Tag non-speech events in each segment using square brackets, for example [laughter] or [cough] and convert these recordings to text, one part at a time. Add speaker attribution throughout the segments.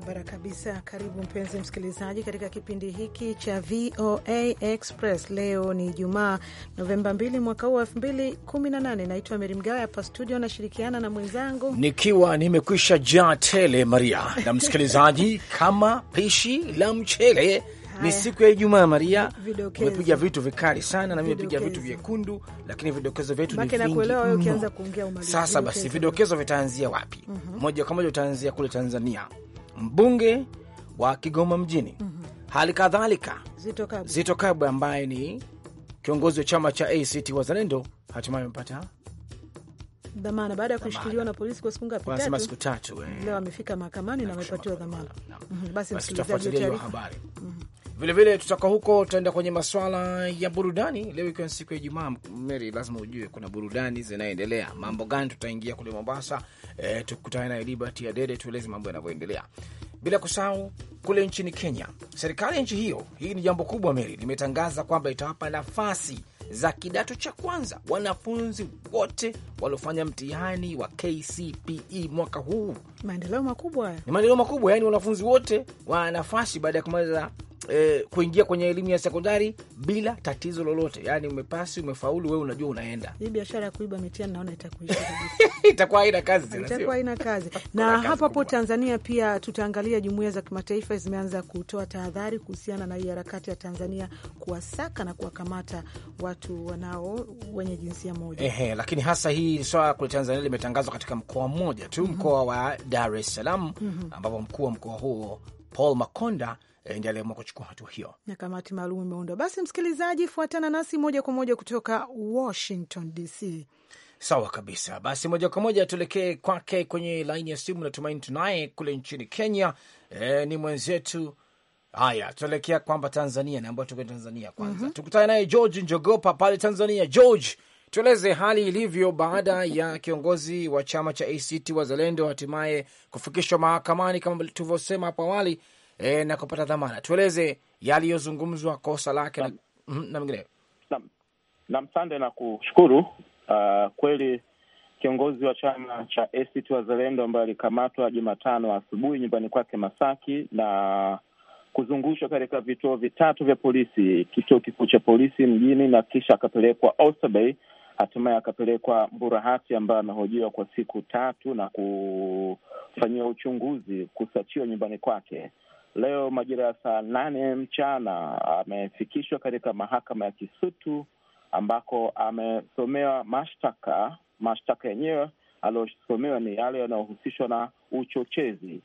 Speaker 1: barabara kabisa. Karibu mpenzi msikilizaji, katika kipindi hiki cha VOA Express. Leo ni Ijumaa, Novemba 2 mwaka huu 2018. Naitwa Meri Mgawe hapa studio, nashirikiana na mwenzangu
Speaker 2: nikiwa nimekwisha jaa tele Maria na msikilizaji, [laughs] kama pishi la mchele ni siku ya Ijumaa Maria, umepiga vitu vikali sana na nimepiga vitu
Speaker 1: vyekundu,
Speaker 2: lakini vidokezo vyetu ni vingi.
Speaker 1: Sasa basi,
Speaker 2: vidokezo vitaanzia wapi? Mhm. Moja kwa moja utaanzia kule Tanzania mbunge wa Kigoma mjini mm -hmm. hali kadhalika Zito Kabwe, ambaye ni kiongozi wa chama cha ACT Wazalendo hatimaye amepata
Speaker 1: dhamana baada ya kushikiliwa na polisi kwa siku ngapi? Wanasema siku tatu. Eh. Leo amefika mahakamani na amepatiwa dhamana. Mhm. Basi msikilizaji wa habari mhm. Vilevile
Speaker 2: tutaka huko, tutaenda kwenye maswala ya burudani leo, ikiwa siku ya Ijumaa. Meri, lazima ujue kuna burudani zinaendelea. Mambo gani? Tutaingia kule Mombasa, e, tukutane na Liberty Adede tueleze mambo yanavyoendelea, bila kusahau kule nchini Kenya, serikali ya nchi hiyo, hii ni jambo kubwa Meri, limetangaza kwamba itawapa nafasi za kidato cha kwanza wanafunzi wote waliofanya mtihani wa KCPE mwaka huu
Speaker 1: maendeleo makubwa,
Speaker 2: ni maendeleo makubwa. Yani wanafunzi wote wana nafasi baada ya kumaliza eh, kuingia kwenye elimu ya sekondari bila tatizo lolote. Yani umepasi, umefaulu, wewe unajua unaenda.
Speaker 1: Hii biashara ya kuiba mitihani naona itakuisha kabisa,
Speaker 2: [laughs] itakuwa haina kazi tena, itakuwa
Speaker 1: haina kazi na hapa hapo Tanzania pia tutaangalia. Jumuiya za kimataifa zimeanza kutoa tahadhari kuhusiana na hii harakati ya Tanzania kuwasaka na kuwakamata watu wanao wenye jinsia moja. Ehe,
Speaker 2: lakini hasa hii swala kule Tanzania limetangazwa katika mkoa mmoja tu, mhm. mkoa wa Dar es Salaam mm -hmm. ambapo mkuu wa mkoa huo Paul Makonda eh, ndiye aliamua kuchukua hatua hiyo
Speaker 1: na kamati maalum imeundwa. Basi msikilizaji, fuatana nasi moja kwa moja kutoka Washington DC.
Speaker 2: Sawa kabisa, basi moja kwa moja tuelekee kwake kwenye laini ya simu. Natumaini tunaye kule nchini Kenya. E, ni mwenzetu. Haya, tuelekea kwamba Tanzania, naambiwa tuko Tanzania kwanza. mm -hmm. Tukutane naye George Njogopa pale Tanzania. George, tueleze hali ilivyo baada ya kiongozi wa chama cha ACT Wazalendo hatimaye kufikishwa mahakamani kama tulivyosema hapo awali e, na kupata dhamana. Tueleze yaliyozungumzwa, kosa lake na, mengineyo.
Speaker 3: Nam sande na kushukuru. Uh, kweli kiongozi wa chama cha ACT Wazalendo ambaye alikamatwa Jumatano asubuhi nyumbani kwake Masaki na kuzungushwa katika vituo vitatu vya polisi, kituo kikuu cha polisi mjini na kisha akapelekwa Oysterbay hatimaye akapelekwa Mburahati ambaye amehojiwa kwa siku tatu na kufanyiwa uchunguzi, kusachiwa nyumbani kwake. Leo majira ya saa nane mchana amefikishwa katika mahakama ya Kisutu ambako amesomewa mashtaka. Mashtaka yenyewe aliyosomewa ni yale yanayohusishwa na uchochezi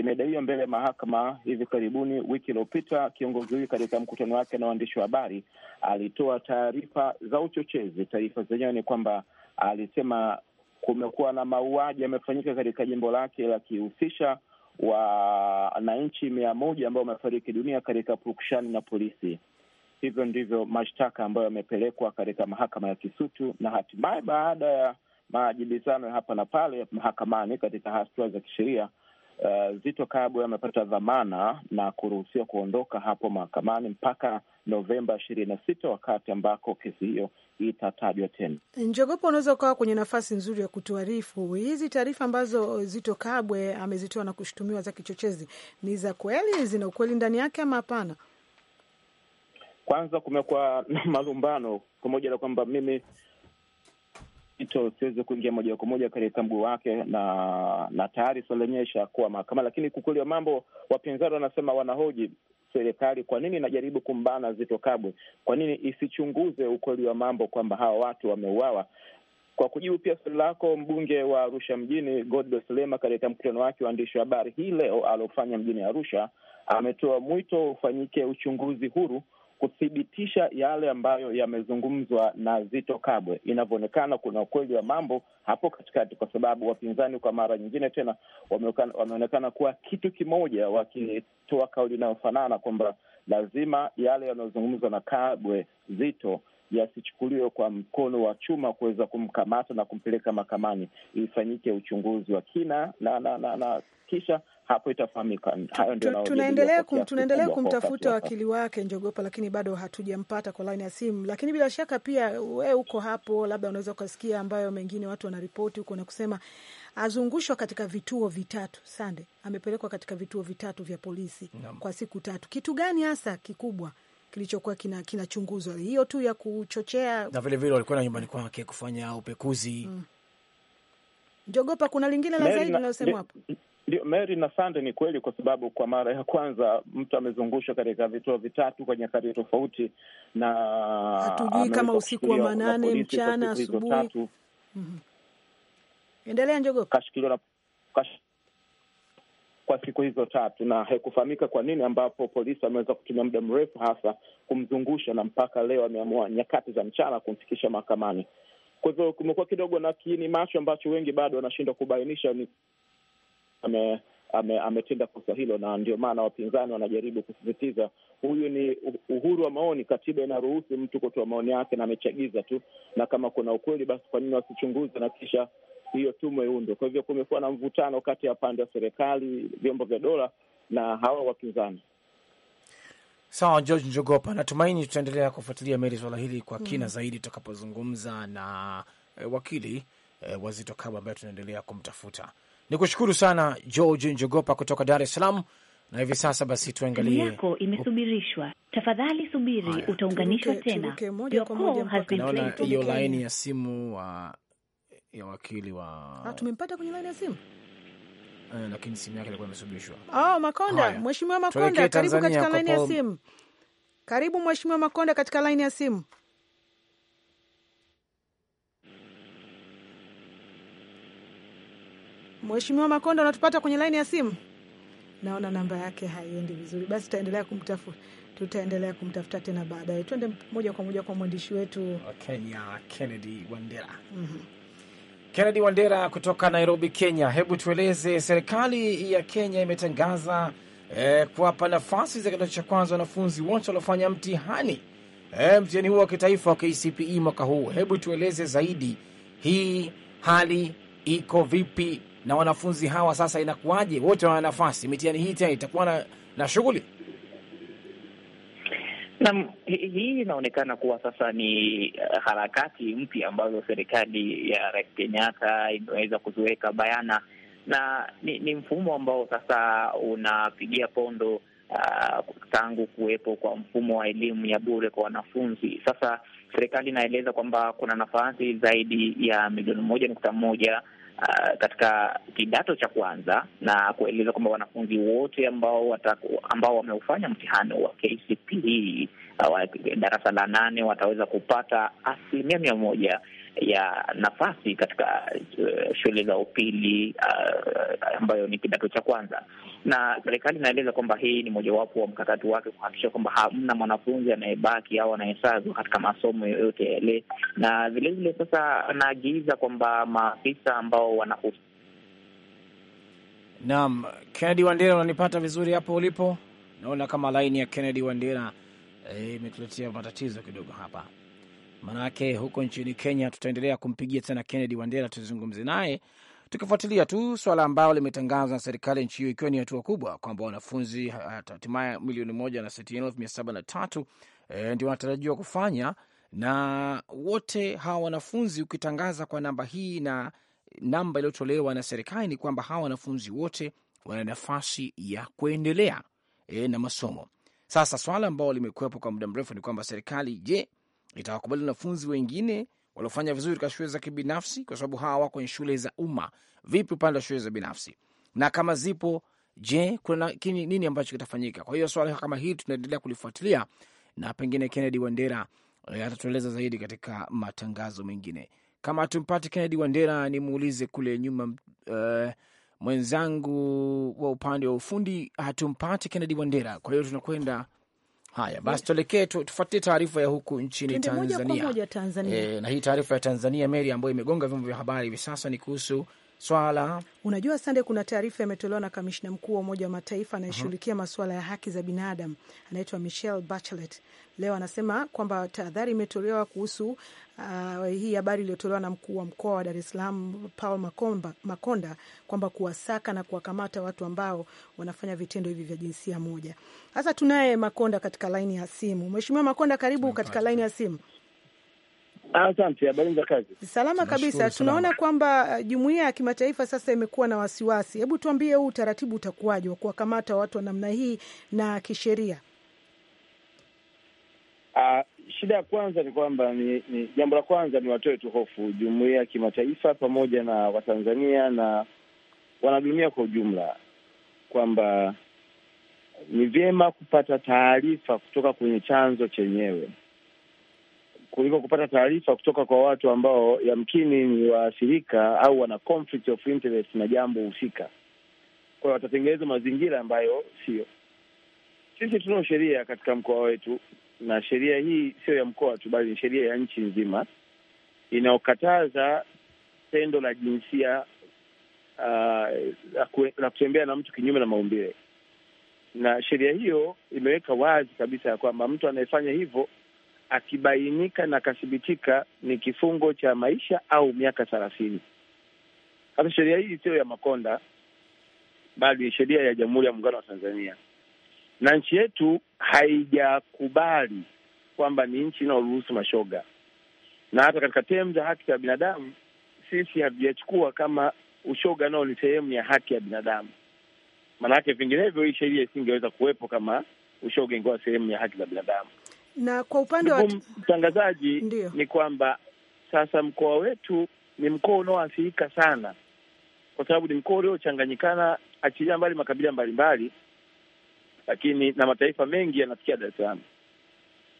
Speaker 3: imedaiwa mbele ya mahakama hivi karibuni. Wiki iliyopita kiongozi huyu katika mkutano wake na waandishi wa habari alitoa taarifa za uchochezi. Taarifa zenyewe ni kwamba alisema kumekuwa na mauaji yamefanyika katika jimbo lake la kihusisha wananchi mia moja ambao wamefariki dunia katika purukushani na polisi. Hivyo ndivyo mashtaka ambayo yamepelekwa katika mahakama ya Kisutu, na hatimaye baada ya majibizano ya hapa na pale mahakamani katika hatua za kisheria Uh, eh, Zito Kabwe amepata dhamana na kuruhusiwa kuondoka hapo mahakamani mpaka Novemba ishirini na sita, wakati ambako kesi hiyo itatajwa tena.
Speaker 1: Njogopo, unaweza ukawa kwenye nafasi nzuri ya kutuarifu hizi taarifa ambazo Zito Kabwe amezitoa na kushutumiwa za kichochezi, ni za kweli? Zina ukweli ndani yake ama hapana?
Speaker 3: Kwanza kumekuwa na malumbano, pamoja na kwamba mimi ito siweze kuingia moja kwa moja katika mguu wake, na na tayari swala lenyewe ishakuwa mahakama. Lakini ukweli mambo, wapinzani wanasema wanahoji serikali kwa nini inajaribu kumbana Zito Kabwe, kwa nini isichunguze ukweli wa mambo kwamba hawa watu wameuawa. Kwa kujibu pia swali lako, mbunge wa Arusha mjini Godbless Lema katika mkutano wake waandishi wa habari hii leo aliofanya mjini Arusha ametoa mwito ufanyike uchunguzi huru kuthibitisha yale ambayo yamezungumzwa na Zito Kabwe. Inavyoonekana kuna ukweli wa mambo hapo katikati, kwa sababu wapinzani kwa mara nyingine tena wameonekana kuwa kitu kimoja, wakitoa kauli inayofanana kwamba lazima yale yanayozungumzwa na Kabwe Zito yasichukuliwe kwa mkono wa chuma kuweza kumkamata na kumpeleka mahakamani, ifanyike uchunguzi wa kina na, na, na, na kisha hapo itafahamika. Tunaendelea kum, tunaendelea kumtafuta wakili
Speaker 1: wake Njogopa, lakini bado hatujampata kwa laini ya simu. Lakini bila shaka pia we uko hapo, labda unaweza ukasikia ambayo mengine watu wanaripoti huko na kusema azungushwa katika vituo vitatu. Sande amepelekwa katika vituo vitatu vya polisi kwa siku tatu. Kitu gani hasa kikubwa kilichokuwa kinachunguzwa kina hiyo tu ya kuchochea,
Speaker 2: na vilevile walikuwa na nyumbani kwake kufanya
Speaker 1: upekuzi mm. Jogopa, kuna lingine la zaidi linalosema hapo
Speaker 3: ndio Mary na Sande, ni kweli, kwa sababu kwa mara ya kwanza mtu amezungushwa katika vituo vitatu kwa nyakati tofauti, na hatujui kama usiku wa manane, mchana, asubuhi. Mhm. Endelea Njogopa, kashikiliwa na kwa siku hizo tatu, na haikufahamika kwa nini, ambapo polisi wameweza kutumia muda mrefu hasa kumzungusha, na mpaka leo ameamua nyakati za mchana kumfikisha mahakamani. Kwa hivyo kumekuwa kidogo na kiini macho ambacho wengi bado wanashindwa kubainisha ni ame ametenda kosa hilo, na ndio maana wapinzani wanajaribu kusisitiza huyu ni uhuru wa maoni. Katiba inaruhusu mtu kutoa maoni yake, na amechagiza tu, na kama kuna ukweli basi kwa nini wasichunguze na kisha hiyo tume iundwe. Kwa hivyo kumekuwa na mvutano kati ya pande ya serikali, vyombo vya dola na hawa wapinzani.
Speaker 2: Sawa, George Njogopa, natumaini tutaendelea kufuatilia meli swala hili kwa kina mm, zaidi tutakapozungumza na e, wakili e, Wazito kabwa ambaye tunaendelea kumtafuta. Ni kushukuru sana George Njogopa kutoka Dar es Salaam. Na hivi sasa basi tuangalie yako
Speaker 3: imesubirishwa. Tafadhali subiri, utaunganishwa tena.
Speaker 2: Hiyo laini ya simu uh, ya wakili wa
Speaker 1: ah, tumempata kwenye laini ya simu
Speaker 2: eh, lakini simu yake ilikuwa imesubishwa. Oh, Makonda, mheshimiwa Makonda, karibu katika laini ya simu.
Speaker 1: Karibu mheshimiwa Makonda katika laini ya simu. Mheshimiwa Makonda, unatupata kwenye laini ya simu? Naona namba yake haiendi vizuri, basi tutaendelea kumtafuta tutaendelea kumtafuta tena baadaye. Tuende moja kwa moja kwa mwandishi wetu
Speaker 2: Kenya, Kennedy Wandera. mm -hmm. Kennedy Wandera kutoka Nairobi, Kenya. Hebu tueleze, serikali ya Kenya imetangaza eh, kuwapa nafasi za kidato cha kwanza wanafunzi wote waliofanya mtihani eh, mtihani huo wa kitaifa wa KCPE mwaka huu. Hebu tueleze zaidi, hii hali iko vipi na wanafunzi hawa sasa, inakuwaje? Wote wana nafasi, mitihani hii tena itakuwa na, na shughuli Naam,
Speaker 3: hii inaonekana kuwa sasa ni eh, harakati mpya ambazo serikali ya Rais Kenyatta imeweza kuziweka bayana na ni, ni mfumo ambao sasa unapigia pondo Uh, tangu kuwepo kwa mfumo wa elimu ya bure kwa wanafunzi. Sasa serikali inaeleza kwamba kuna nafasi zaidi ya milioni moja nukta moja uh, katika kidato cha kwanza na kueleza kwamba wanafunzi wote ambao wataku, ambao wameufanya mtihani wa KCPE uh, ah, darasa la nane wataweza kupata asilimia mia moja ya nafasi katika eh, shule za upili uh, ambayo ni kidato cha kwanza, na serikali inaeleza kwamba hii ni mojawapo wa mkakati wake kuhakikisha kwamba hamna mwanafunzi anayebaki au anayesazwa katika masomo yoyote yale, na vilevile sasa anaagiza kwamba maafisa ambao wanahusu
Speaker 2: Naam, Kennedy Wandera, unanipata vizuri hapo ulipo? Naona kama laini ya Kennedy Wandera eh, imetuletea e, matatizo kidogo hapa. Manake huko nchini Kenya tutaendelea kumpigia tena Kennedy Wandera tuzungumze naye tukifuatilia tu swala ambalo limetangazwa na serikali nchi hiyo ikiwa ni hatua kubwa kwamba wanafunzi hatimaye milioni moja na sitini elfu mia saba na tatu e, ndio wanatarajiwa kufanya na wote hawa wanafunzi. Ukitangaza kwa namba hii na namba iliyotolewa na serikali ni kwamba hawa wanafunzi wote wana nafasi ya kuendelea e, na masomo. Sasa swala ambalo limekuwepo kwa muda mrefu ni kwamba serikali, je, itawakubali wanafunzi wengine waliofanya vizuri katika shule za kibinafsi, kwa sababu hawa wako kwenye shule za umma. Vipi upande wa shule za binafsi? Na kama zipo, je, kuna kini, nini ambacho kitafanyika? Kwa hiyo swala kama hili tunaendelea kulifuatilia na pengine Kennedy Wandera eh, atatueleza zaidi katika matangazo mengine. Kama tumpate Kennedy Wandera, nimuulize kule nyuma uh, mwenzangu wa upande wa ufundi, hatumpate Kennedy Wandera. Kwa hiyo tunakwenda Haya basi, tuelekee tufuatie taarifa ya huku nchini Tanzania,
Speaker 1: Tanzania. E, na
Speaker 2: hii taarifa ya Tanzania Mary ambayo imegonga vyombo vya habari hivi sasa ni kuhusu swala
Speaker 1: unajua, Sande, kuna taarifa imetolewa na kamishna mkuu wa Umoja wa Mataifa anayeshughulikia uh -huh. masuala ya haki za binadamu anaitwa Michelle Bachelet. Leo anasema kwamba tahadhari imetolewa kuhusu uh, hii habari iliyotolewa na mkuu wa mkoa wa Dar es Salaam Paul Makomba, Makonda kwamba kuwasaka na kuwakamata watu ambao wanafanya vitendo hivi vya jinsia moja. Sasa tunaye Makonda katika laini ya simu. Mheshimiwa Makonda, karibu katika laini ya simu.
Speaker 3: Asante. Habari za kazi? Salama kabisa. Tunaona
Speaker 1: kwamba eh, jumuiya ya kimataifa sasa imekuwa na wasiwasi. Hebu tuambie, huu utaratibu utakuwaje wa kuwakamata watu wa namna hii na kisheria?
Speaker 3: Uh, shida ya kwanza ni kwamba ni, ni jambo la kwanza ni watoe tu hofu jumuiya ya kimataifa pamoja na Watanzania na wanadunia kwa ujumla kwamba ni vyema kupata taarifa kutoka kwenye chanzo chenyewe kuliko kupata taarifa kutoka kwa watu ambao yamkini ni waathirika au wana conflict of interest na jambo husika. Kwa hiyo watatengeneza mazingira ambayo sio. Sisi tunao sheria katika mkoa wetu, na sheria hii sio ya mkoa tu, bali ni sheria ya nchi nzima inayokataza tendo la jinsia uh, la kutembea na mtu kinyume na maumbile, na sheria hiyo imeweka wazi kabisa ya kwamba mtu anayefanya hivyo akibainika na akathibitika ni kifungo cha maisha au miaka thelathini. Sasa sheria hii sio ya Makonda, bali ni sheria ya Jamhuri ya Muungano wa Tanzania, na nchi yetu haijakubali kwamba ni nchi inayoruhusu mashoga, na hata katika temu za haki za binadamu sisi hatujachukua kama ushoga nao ni sehemu ya haki ya binadamu. Maanake vinginevyo hii sheria isingeweza kuwepo kama ushoga ingewa sehemu ya haki za binadamu.
Speaker 1: Na kwa upande wa
Speaker 3: mtangazaji, ni kwamba sasa mkoa wetu ni mkoa unaoathirika sana, kwa sababu ni mkoa uliochanganyikana, achilia mbali makabila mbalimbali, lakini na mataifa mengi yanafikia Dar es Salaam.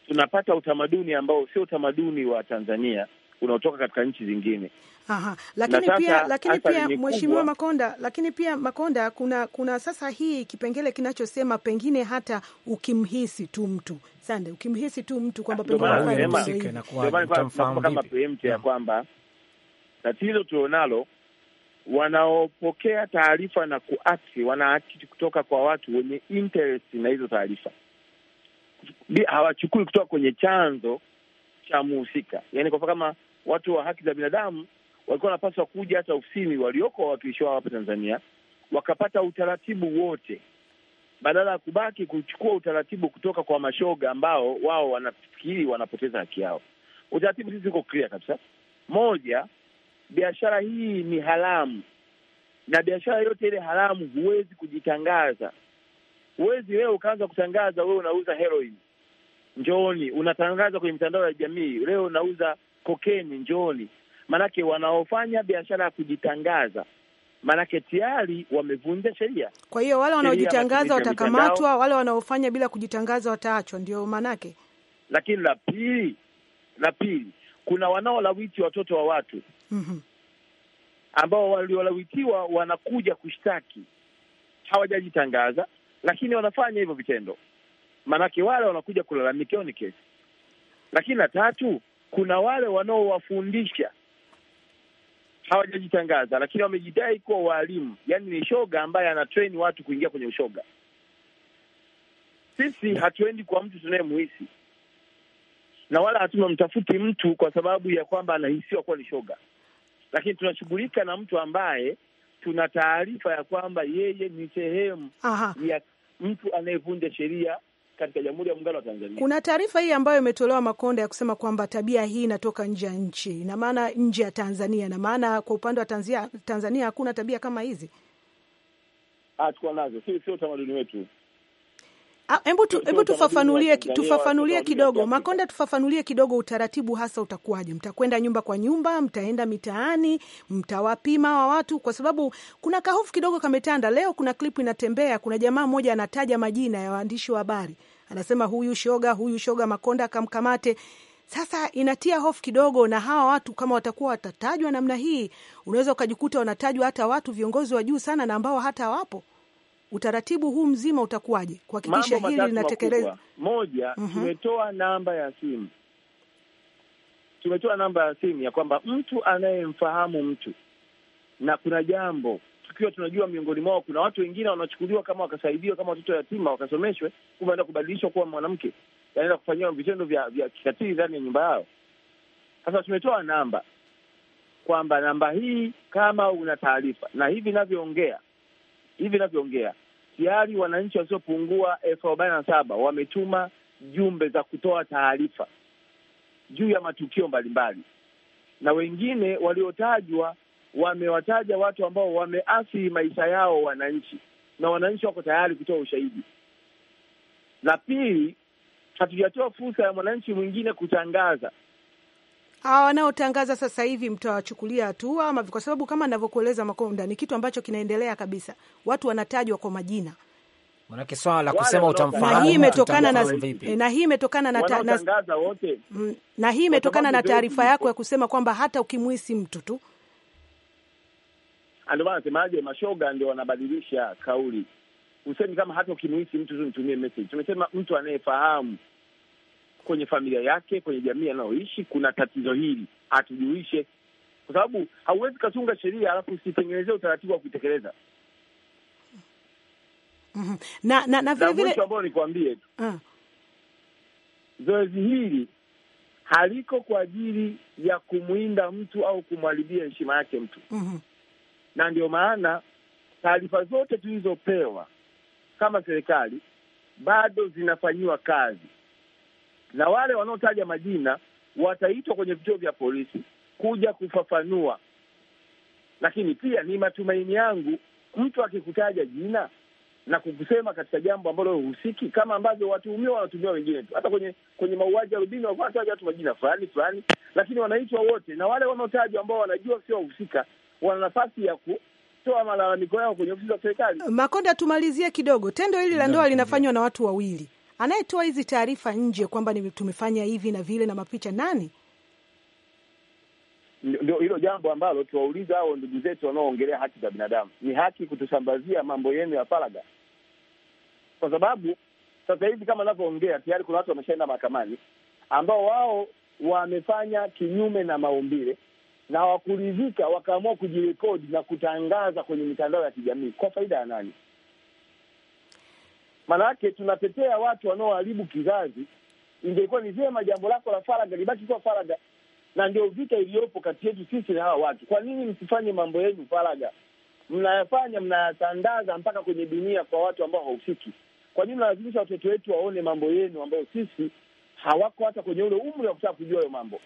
Speaker 3: Tunapata utamaduni ambao sio utamaduni wa Tanzania, unaotoka katika nchi zingine.
Speaker 1: Aha. Lakini sasa, pia lakini pia mheshimiwa Makonda, lakini pia Makonda, kuna kuna sasa hii kipengele kinachosema pengine hata ukimhisi tu mtu sande, ukimhisi tu mtu kwamba
Speaker 3: pengine ya kwamba tatizo tulionalo wanaopokea taarifa na kuakti wanaakti kutoka kwa watu wenye interest na hizo taarifa, hawachukui kutoka kwenye chanzo cha muhusika. Yani kwa kama watu wa haki za binadamu walikuwa wanapaswa kuja hata ofisini walioko wawakilishi wao hapa Tanzania wakapata utaratibu wote, badala ya kubaki kuchukua utaratibu kutoka kwa mashoga ambao wao wanafikiri wanapoteza haki yao. Utaratibu sisi uko clear kabisa. Moja, biashara hii ni haramu, na biashara yote ile haramu huwezi kujitangaza. Huwezi wewe ukaanza kutangaza wewe unauza heroin, njooni. Unatangaza kwenye mitandao ya jamii, leo unauza kokeni, njooni. Maanake wanaofanya biashara ya kujitangaza, maanake tayari wamevunja sheria.
Speaker 1: Kwa hiyo wale wanaojitangaza watakamatwa, wale wanaofanya bila kujitangaza wataachwa, ndio maanake.
Speaker 3: Lakini la pili, la pili, kuna wanaolawiti watoto wa watu mm -hmm. ambao waliolawitiwa wanakuja kushtaki, hawajajitangaza lakini wanafanya hivyo vitendo, maanake wale wanakuja kulalamikia, ni kesi. Lakini la tatu kuna wale wanaowafundisha hawajajitangaza, lakini wamejidai kuwa waalimu, yaani ni shoga ambaye anatrain watu kuingia kwenye ushoga. Sisi hatuendi kwa mtu tunayemuhisi na wala hatumemtafuti mtu kwa sababu ya kwamba anahisiwa kuwa ni shoga, lakini tunashughulika na mtu ambaye tuna taarifa ya kwamba yeye ni sehemu ya mtu anayevunja sheria katika Jamhuri ya Muungano wa Tanzania. Kuna taarifa
Speaker 1: hii ambayo imetolewa Makonda ya kusema kwamba tabia hii inatoka nje ya nchi, ina maana nje ya Tanzania, ina maana kwa upande wa Tanzania, Tanzania hakuna tabia kama hizi,
Speaker 3: ah, tuko nazo, sio utamaduni wetu.
Speaker 1: Ah, hebu tu, tufafanulie tufafanulie kidogo Makonda, tufafanulie kidogo utaratibu hasa utakuwaje? Mtakwenda nyumba kwa nyumba, mtaenda mitaani, mtawapima wa watu, kwa sababu kuna kahofu kidogo kametanda leo. Kuna klipu inatembea, kuna jamaa mmoja anataja majina ya waandishi wa habari, anasema huyu shoga, huyu shoga, Makonda akamkamate. Sasa inatia hofu kidogo, na hawa watu kama watakuwa watatajwa namna hii, unaweza ukajikuta wanatajwa hata watu viongozi wa juu sana na ambao hata wapo utaratibu huu mzima utakuwaje kuhakikisha hili linatekelezwa?
Speaker 3: Moja, mm -hmm. tumetoa namba ya simu, tumetoa namba ya simu ya kwamba mtu anayemfahamu mtu na kuna jambo tukiwa tunajua miongoni mwao kuna watu wengine wanachukuliwa kama wakasaidiwa kama watoto yatima wakasomeshwe, kumbe anaenda kubadilishwa kuwa mwanamke, yaani anaenda kufanyiwa vitendo vya vya kikatili ndani ya nyumba yao. Sasa tumetoa namba kwamba namba hii, kama una taarifa, na hivi navyoongea hivi inavyoongea tayari wananchi wasiopungua elfu arobaini na saba wametuma jumbe za kutoa taarifa juu ya matukio mbalimbali, na wengine waliotajwa wamewataja watu ambao wameathiri maisha yao wananchi, na wananchi wako tayari kutoa ushahidi. La pili, hatujatoa fursa ya mwananchi mwingine kutangaza
Speaker 1: hawa wanaotangaza sasa hivi mtawachukulia hatua ama? Kwa sababu kama navyokueleza Makonda, ni kitu ambacho kinaendelea kabisa, watu wanatajwa kwa majina
Speaker 2: Manake swala la kusema utamfahamu,
Speaker 1: na hii imetokana na, na hii imetokana na, mm, na hii imetokana na taarifa yako ya kusema kwamba hata ukimwisi mtu tu.
Speaker 3: Ndio maana mashoga ndio wanabadilisha kauli, usemi kama hata ukimwisi mtu tu nitumie message. Tumesema mtu anayefahamu kwenye familia yake, kwenye jamii anayoishi kuna tatizo hili, atujulishe, kwa sababu hauwezi katunga sheria alafu usitengenezee utaratibu wa kuitekeleza.
Speaker 1: Mhm. na na na vile vile ambayo
Speaker 3: nikuambie tu ah. zoezi hili haliko kwa ajili ya kumwinda mtu au kumharibia heshima yake mtu. mm -hmm. Na ndio maana taarifa zote tulizopewa kama serikali bado zinafanyiwa kazi na wale wanaotaja majina wataitwa kwenye vituo vya polisi kuja kufafanua. Lakini pia ni matumaini yangu mtu akikutaja jina na kukusema katika jambo ambalo huhusiki, kama ambavyo watuhumiwa wanatumia wengine tu, hata kwenye kwenye mauaji ya Rubini walikuwa wanataja watu majina fulani fulani, lakini wanaitwa wote, na wale wanaotajwa ambao wanajua sio wahusika wana nafasi ya ku
Speaker 1: malalamiko yao kwenye ofisi za serikali. Makonda, tumalizie kidogo. Tendo hili la ndoa linafanywa na watu wawili, anayetoa hizi taarifa nje kwamba tumefanya hivi na vile na mapicha nani?
Speaker 3: Ndio hilo jambo ambalo tuwauliza hao ndugu zetu wanaoongelea haki za binadamu, ni haki kutusambazia mambo yenu ya faraga Kwa sababu sasa hivi kama anavyoongea tayari kuna watu wameshaenda mahakamani ambao wao wamefanya kinyume na maumbile na wakuridhika, wakaamua kujirekodi na kutangaza kwenye mitandao ya kijamii kwa faida ya nani? Maanake tunatetea watu wanaoharibu kizazi. Ingekuwa ni vyema jambo lako la faraga libaki kuwa faraga na ndio vita iliyopo kati yetu sisi na hawa watu. Kwa nini msifanye mambo yenu faraga Mnayafanya, mnayatandaza mpaka kwenye dunia kwa watu ambao hausiki. Kwa nini mnalazimisha watoto wetu waone mambo yenu ambayo sisi hawako hata kwenye ule umri wa kutaka kujua hayo mambo?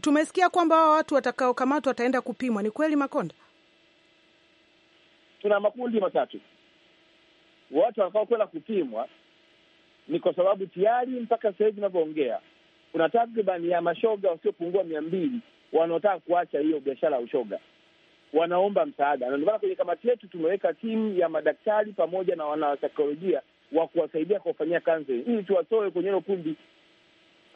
Speaker 1: Tumesikia kwamba hawa watu watakaokamatwa wataenda kupimwa. Ni kweli, Makonda? Tuna makundi matatu watu kwenda kupimwa
Speaker 3: ni kwa sababu tayari mpaka sasa hivi inavyoongea kuna takriban ya mashoga wasiopungua mia mbili wanaotaka kuacha hiyo biashara ya ushoga, wanaomba msaada, na ndio maana kwenye kamati yetu tumeweka timu ya madaktari pamoja na wanasaikolojia wa kuwasaidia kuwafanyia counseling ili tuwatoe kwenye hilo kundi.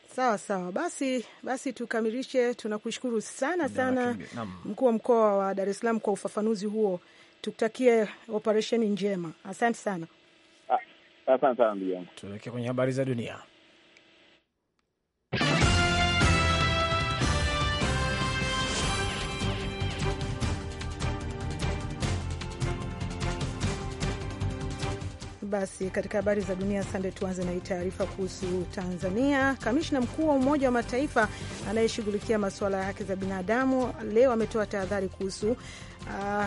Speaker 1: Sawa sawa, basi basi, tukamilishe. Tunakushukuru sana sana mkuu wa mkoa wa Dar es Salaam kwa ufafanuzi huo tukutakie operesheni njema. Asante sana,
Speaker 2: ah, asante sana. Tuelekee kwenye habari za dunia.
Speaker 1: Basi katika habari za dunia, Sande, tuanze na hii taarifa kuhusu Tanzania. Kamishna mkuu wa Umoja wa Mataifa anayeshughulikia masuala ya haki za binadamu leo ametoa tahadhari kuhusu uh,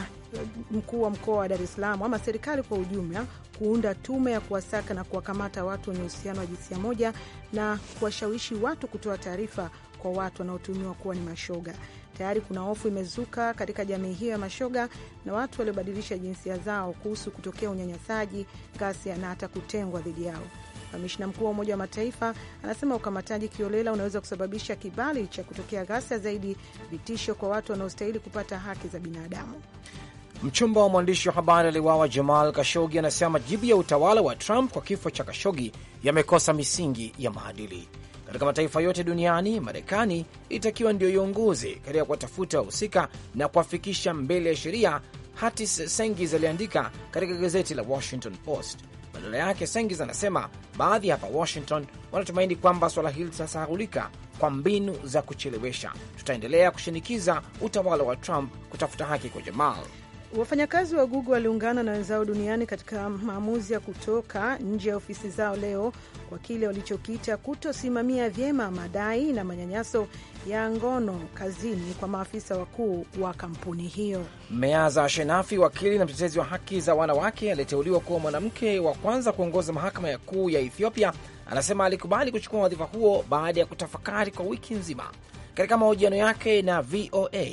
Speaker 1: mkuu wa mkoa wa Dar es Salaam ama serikali kwa ujumla kuunda tume ya kuwasaka na kuwakamata watu wenye uhusiano wa jinsia moja na kuwashawishi watu kutoa taarifa kwa watu wanaotumiwa kuwa ni mashoga. Tayari kuna hofu imezuka katika jamii hiyo ya mashoga na watu waliobadilisha jinsia zao kuhusu kutokea unyanyasaji, ghasia na hata kutengwa dhidi yao. Kamishna mkuu wa Umoja wa Mataifa anasema ukamataji kiolela unaweza kusababisha kibali cha kutokea ghasia zaidi, vitisho kwa watu wanaostahili kupata haki za binadamu.
Speaker 2: Mchumba wa mwandishi wa habari aliwawa Jamal Kashogi anasema majibu ya utawala wa Trump kwa kifo cha Kashogi yamekosa misingi ya maadili. Katika mataifa yote duniani, Marekani itakiwa ndiyo iongozi katika kuwatafuta wahusika na kuwafikisha mbele ya sheria, Hatis Sengis aliandika katika gazeti la Washington Post. Badala yake, Sengis anasema baadhi hapa Washington wanatumaini kwamba swala hili litasahulika kwa mbinu za kuchelewesha. Tutaendelea kushinikiza utawala wa Trump kutafuta haki kwa Jamal.
Speaker 1: Wafanyakazi wa Google waliungana na wenzao duniani katika maamuzi ya kutoka nje ya ofisi zao leo kwa kile walichokiita kutosimamia vyema madai na manyanyaso ya ngono kazini kwa maafisa wakuu wa kampuni hiyo.
Speaker 2: Meaza Shenafi, wakili na mtetezi wa haki za wanawake aliyeteuliwa kuwa mwanamke wa kwanza kuongoza mahakama ya kuu ya Ethiopia, anasema alikubali kuchukua wadhifa huo baada ya kutafakari kwa wiki nzima. Katika mahojiano yake na VOA,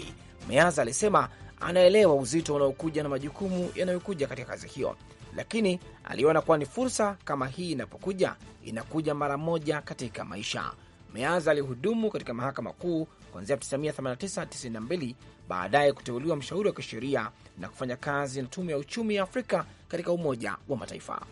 Speaker 2: Meaza alisema anaelewa uzito unaokuja na majukumu yanayokuja katika kazi hiyo, lakini aliona kuwa ni fursa kama hii inapokuja inakuja mara moja katika maisha. Meaza alihudumu katika mahakama kuu kuanzia 1989 baadaye kuteuliwa mshauri wa kisheria na kufanya kazi na tume ya uchumi ya Afrika katika Umoja wa Mataifa.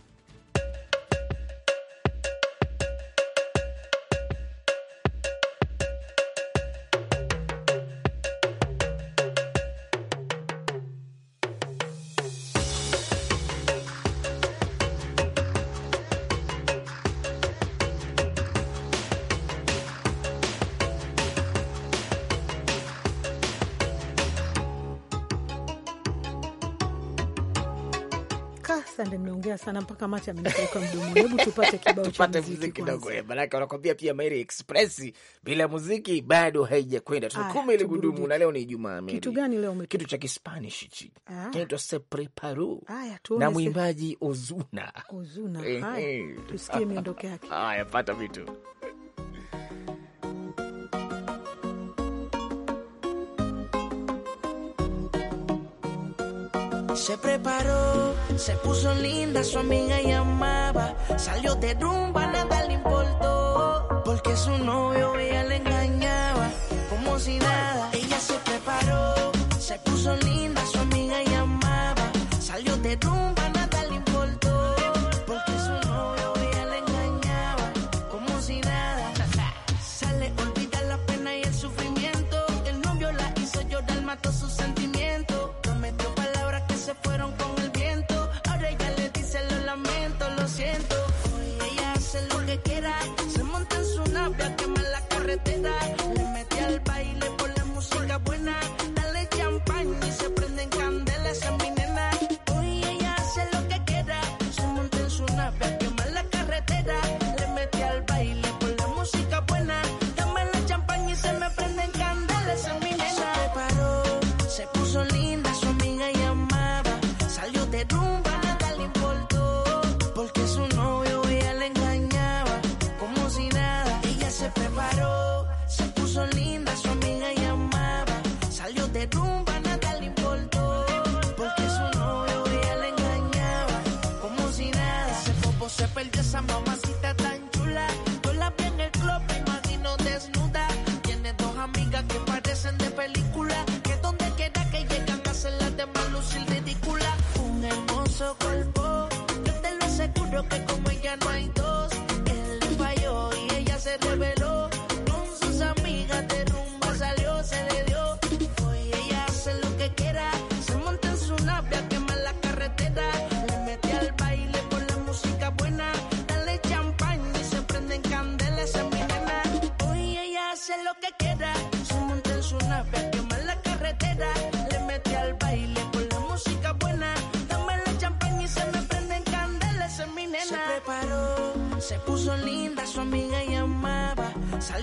Speaker 1: sana mpaka mate amenipeleka mdomoni. Hebu tupate
Speaker 2: kibao tupate muziki kidogo, eh, maanake wanakwambia pia Mary Express bila muziki bado haijakwenda. Tuna kumi ili gudumu, na leo ni Ijumaa. kitu gani leo? Kitu cha Kispanish hichi ah. kinaitwa Sepreparu na mwimbaji Ozuna. Ozuna, tusikie miondoko yake. Haya, pata vitu
Speaker 4: se preparó, se puso linda, su amiga llamaba, salió de rumba, nada le importó, porque su novio ella le engañaba, como si nada, ella se preparó, se puso linda.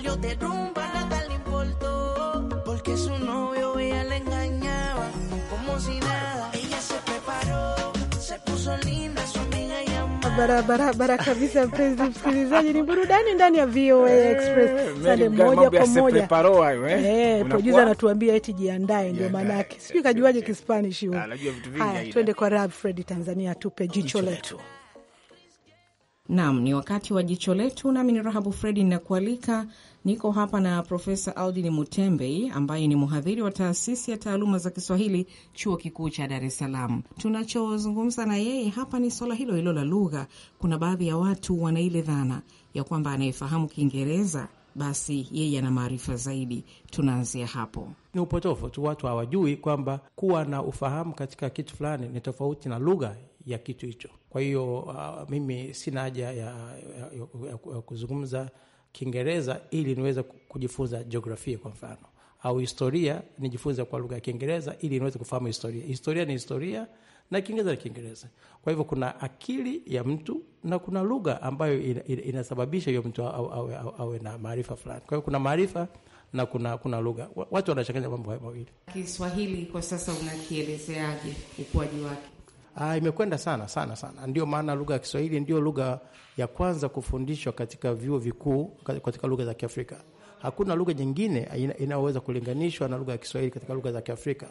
Speaker 4: yo te rumba nada le importó, porque su novio ella le engañaba como si nada. Ella se preparó, se puso linda, su amiga
Speaker 1: barabara barabara kabisa. Mpenzi msikilizaji, ni burudani ndani ya VOA Express sande moja eh. Eh, kwa moja. Producer anatuambia eti jiandae, ndio maana yake, sijui kajuaje Kispanish huyo. Ah, Haya, twende kwa Rab Fredi Tanzania, tupe jicho letu
Speaker 4: Naam, ni wakati wa jicho letu, nami ni Rahabu Fredi ninakualika. Niko hapa na Profesa aldin Mutembei ambaye ni mhadhiri wa taasisi ya taaluma za Kiswahili, chuo kikuu cha Dar es Salaam. Tunachozungumza na yeye hapa ni swala hilo hilo la lugha. Kuna baadhi ya watu wana ile dhana ya kwamba anayefahamu Kiingereza basi yeye ana maarifa zaidi. Tunaanzia hapo. Ni
Speaker 5: upotofu tu, watu hawajui kwamba kuwa na ufahamu katika kitu fulani ni tofauti na lugha ya kitu hicho. Kwa hiyo uh, mimi sina haja ya, ya, ya, ya kuzungumza Kiingereza ili niweze kujifunza jiografia kwa mfano, au historia nijifunze kwa lugha ya Kiingereza ili niweze kufahamu historia. Historia ni historia na Kiingereza ni Kiingereza. Kwa hivyo kuna akili ya mtu na kuna lugha ambayo inasababisha hiyo mtu awe, awe, awe na maarifa fulani. Kwa hivyo kuna maarifa na kuna kuna lugha. Watu wanachanganya mambo hayo mawili.
Speaker 4: Kiswahili kwa sasa unakielezeaje ukuaji wake?
Speaker 5: Ah, imekwenda sana sana sana. Ndio maana lugha ya Kiswahili ndio lugha ya kwanza kufundishwa katika vyuo vikuu katika lugha za Kiafrika. Hakuna lugha nyingine inayoweza kulinganishwa na lugha ya Kiswahili katika lugha za Kiafrika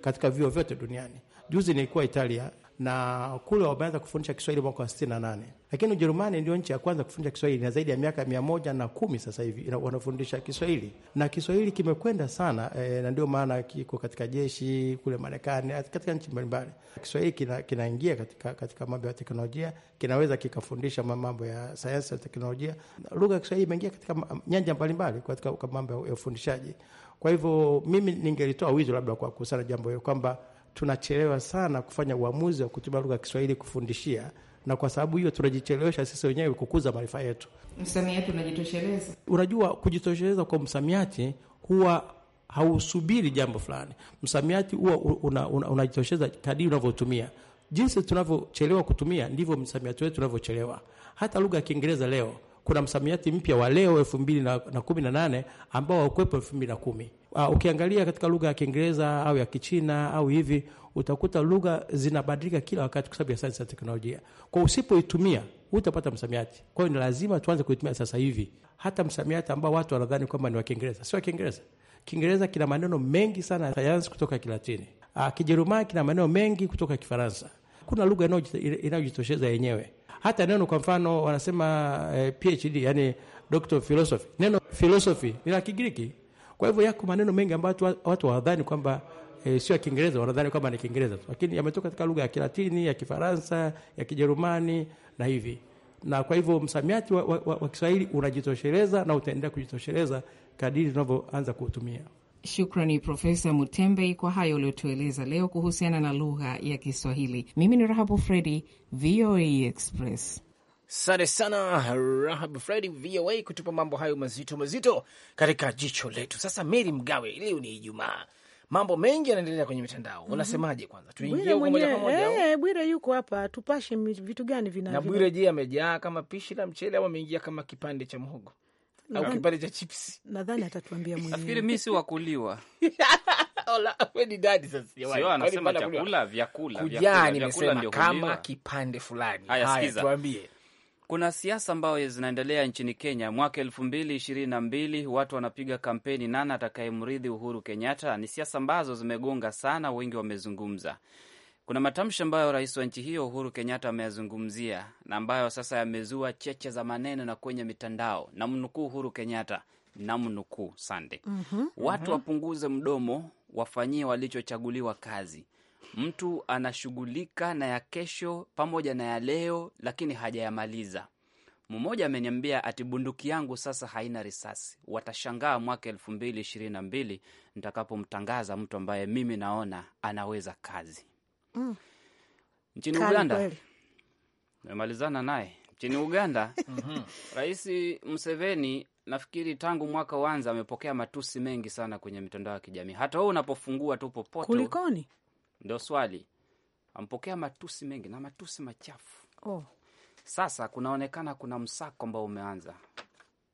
Speaker 5: katika vyuo vyote duniani. Juzi nilikuwa Italia, na kule wameanza kufundisha Kiswahili mwaka wa sitini na nane, lakini Ujerumani ndio nchi ya kwanza kufundisha Kiswahili na zaidi ya miaka mia moja na kumi sasa hivi wanafundisha Kiswahili na Kiswahili kimekwenda sana e, na ndio maana kiko katika jeshi kule Marekani, katika nchi mbalimbali. Kiswahili kinaingia kina katika, katika mambo ya teknolojia, kinaweza kikafundisha mambo ya sayansi na teknolojia. Lugha ya Kiswahili imeingia katika nyanja mbalimbali katika mambo ya ufundishaji. Kwa hivyo mimi ningelitoa wizo labda kwa kusana jambo hilo kwamba tunachelewa sana kufanya uamuzi wa kutumia lugha ya Kiswahili kufundishia, na kwa sababu hiyo tunajichelewesha sisi wenyewe kukuza maarifa yetu.
Speaker 4: Msamiati unajitosheleza.
Speaker 5: Unajua, kujitosheleza kwa msamiati huwa hausubiri jambo fulani. Msamiati huwa unajitosheleza una, una kadiri unavyotumia. Jinsi tunavyochelewa kutumia ndivyo msamiati wetu unavyochelewa. Hata lugha ya Kiingereza leo kuna msamiati mpya wa leo elfu mbili na kumi na nane ambao haukuwepo elfu mbili na kumi. Uh, ukiangalia katika lugha ya Kiingereza au ya Kichina au hivi utakuta lugha zinabadilika kila wakati kwa sababu ya sayansi na teknolojia. Kwa usipoitumia utapata msamiati. Kwa hiyo ni lazima tuanze kuitumia sasa hivi. Hata msamiati ambao watu wanadhani kwamba ni wa Kiingereza, sio wa Kiingereza. Kiingereza kina maneno mengi sana ya sayansi kutoka Kilatini. Uh, Kijerumani kina maneno mengi kutoka Kifaransa. Kuna lugha inayojitosheza yenyewe hata neno kwa mfano wanasema eh, PhD yani doctor philosophy. Neno philosophy ni la Kigiriki. Kwa hivyo yako maneno mengi ambayo watu wadhani kwamba eh, sio ya Kiingereza, wanadhani kwamba ni Kiingereza tu, lakini yametoka katika lugha ya Kilatini, ya Kifaransa, ya Kijerumani na hivi na kwa hivyo msamiati wa, wa, wa Kiswahili unajitosheleza na utaendelea kujitosheleza kadiri tunavyoanza kuutumia.
Speaker 1: Shukrani Profesa Mutembei kwa hayo uliotueleza leo kuhusiana na lugha ya
Speaker 4: Kiswahili. Mimi ni Rahabu Fredi, VOA Express.
Speaker 2: Asante sana Rahab Fredi, VOA, kutupa mambo hayo mazito mazito katika jicho letu. Sasa Meri Mgawe, leo ni Ijumaa, mambo mengi yanaendelea kwenye mitandao mm -hmm. Unasemaje? Kwanza tuingie moja kwa moja.
Speaker 1: Eh, Bwire yuko hapa, tupashe vitu gani vinavyo na Bwire.
Speaker 2: Je, amejaa kama pishi la mchele au ameingia kama kipande cha mhogo? au kipande cha chips.
Speaker 1: Nadhani atatuambia mwenyewe. Nafikiri mimi
Speaker 2: si
Speaker 6: wakuliwa [laughs] kama kipande fulani. Haya, tuambie kuna siasa ambayo zinaendelea nchini Kenya. Mwaka elfu mbili ishirini na mbili watu wanapiga kampeni nana atakayemrithi Uhuru Kenyatta. Ni siasa ambazo zimegonga sana, wengi wamezungumza. Kuna matamshi ambayo rais wa nchi hiyo Uhuru Kenyatta ameyazungumzia na ambayo sasa yamezua cheche za maneno na kwenye mitandao. Namnukuu Uhuru Kenyatta, namnukuu Sande. mm -hmm, watu mm -hmm. wapunguze mdomo, wafanyie walichochaguliwa kazi. Mtu anashughulika na ya kesho pamoja na ya leo, lakini hajayamaliza. Mmoja ameniambia ati bunduki yangu sasa haina risasi. Watashangaa mwaka elfu mbili ishirini na mbili nitakapomtangaza mtu ambaye mimi naona anaweza kazi mm. nchini Kari Uganda Nimemalizana naye nchini Uganda [laughs] mhm. Rais Museveni nafikiri tangu mwaka wanza amepokea matusi mengi sana kwenye mitandao ya kijamii. Hata wewe unapofungua tu popote,
Speaker 1: kulikoni?
Speaker 6: Ndio swali. Ampokea matusi mengi na matusi machafu oh. Sasa kunaonekana kuna msako ambao umeanza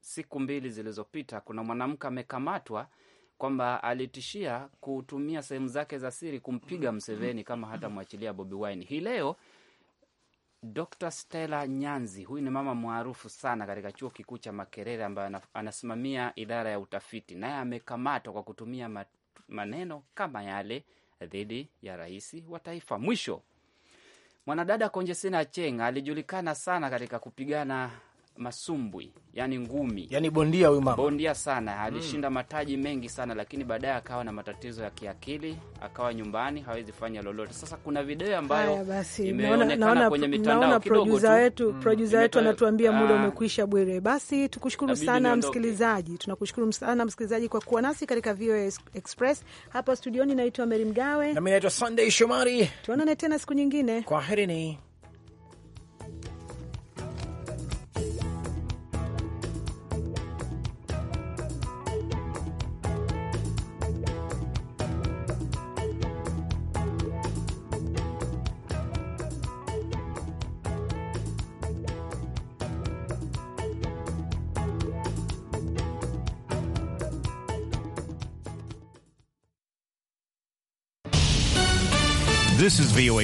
Speaker 6: siku mbili zilizopita. Kuna mwanamke amekamatwa kwamba alitishia kutumia sehemu zake za siri kumpiga Mseveni kama hata mwachilia Bobi Wine. Hii leo Dr Stella Nyanzi, huyu ni mama maarufu sana katika chuo kikuu cha Makerere ambaye anasimamia idara ya utafiti, naye amekamatwa kwa kutumia maneno kama yale dhidi ya rais wa taifa. Mwisho, mwanadada Konjesina Cheng alijulikana sana katika kupigana masumbwi, yani ngumi, yani bondia huyu mama, bondia sana, alishinda mm. mataji mengi sana, lakini baadaye akawa na matatizo ya kiakili, akawa nyumbani, hawezi fanya lolote. Sasa kuna video
Speaker 1: ambayo imeonekana kwenye mitandao kidogo, producer wetu hmm. producer wetu anatuambia muda ah. umekwisha. Bwire, basi tukushukuru sana msikilizaji, tunakushukuru sana msikilizaji kwa kuwa nasi katika VOA Express hapa studioni. Naitwa Meri Mgawe na
Speaker 2: mimi naitwa Sunday Shomari,
Speaker 1: tuonane tena siku nyingine, kwaherini.
Speaker 4: This is VOA